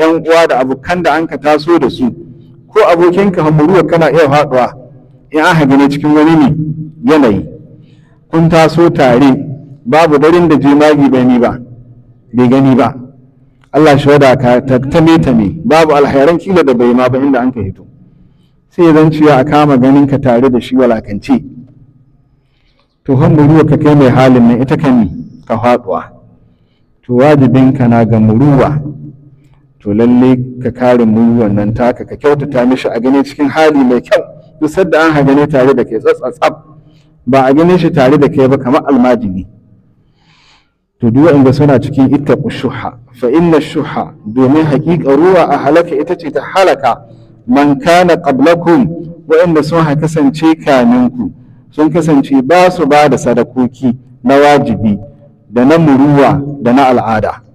'yan uwa da abokan da an ka taso da su ko abokinka hamuruwa kana iya haɗuwa in aka gani cikin wani ne yanayi kun taso tare babu darin da jimagi bai ni ba bai gani ba Allah shi wada ka tattame tame babu alhairan kila da bai ma ba inda an ka hito sai ya zanciya a kama ganin ka tare da shi walakance to hamuruwa ka kai mai halin nan ita kan ka haɗuwa to wajibinka na ga muruwa to lalle ka kare mu wannan taka ka kyautata mishi a gane cikin hali mai kyau duk sadda an ha gane tare da kai tsatsatsab ba a gane shi tare da kai ba kamar almajiri to duk wanda suna cikin ku shuha fa inna shuha domin haƙiƙa ruwa a halaka ita ce ta halaka man kana qablakum waɗanda sun ha kasance kaninku sun kasance ba su ba da sadakoki na wajibi da na muruwa da na al'ada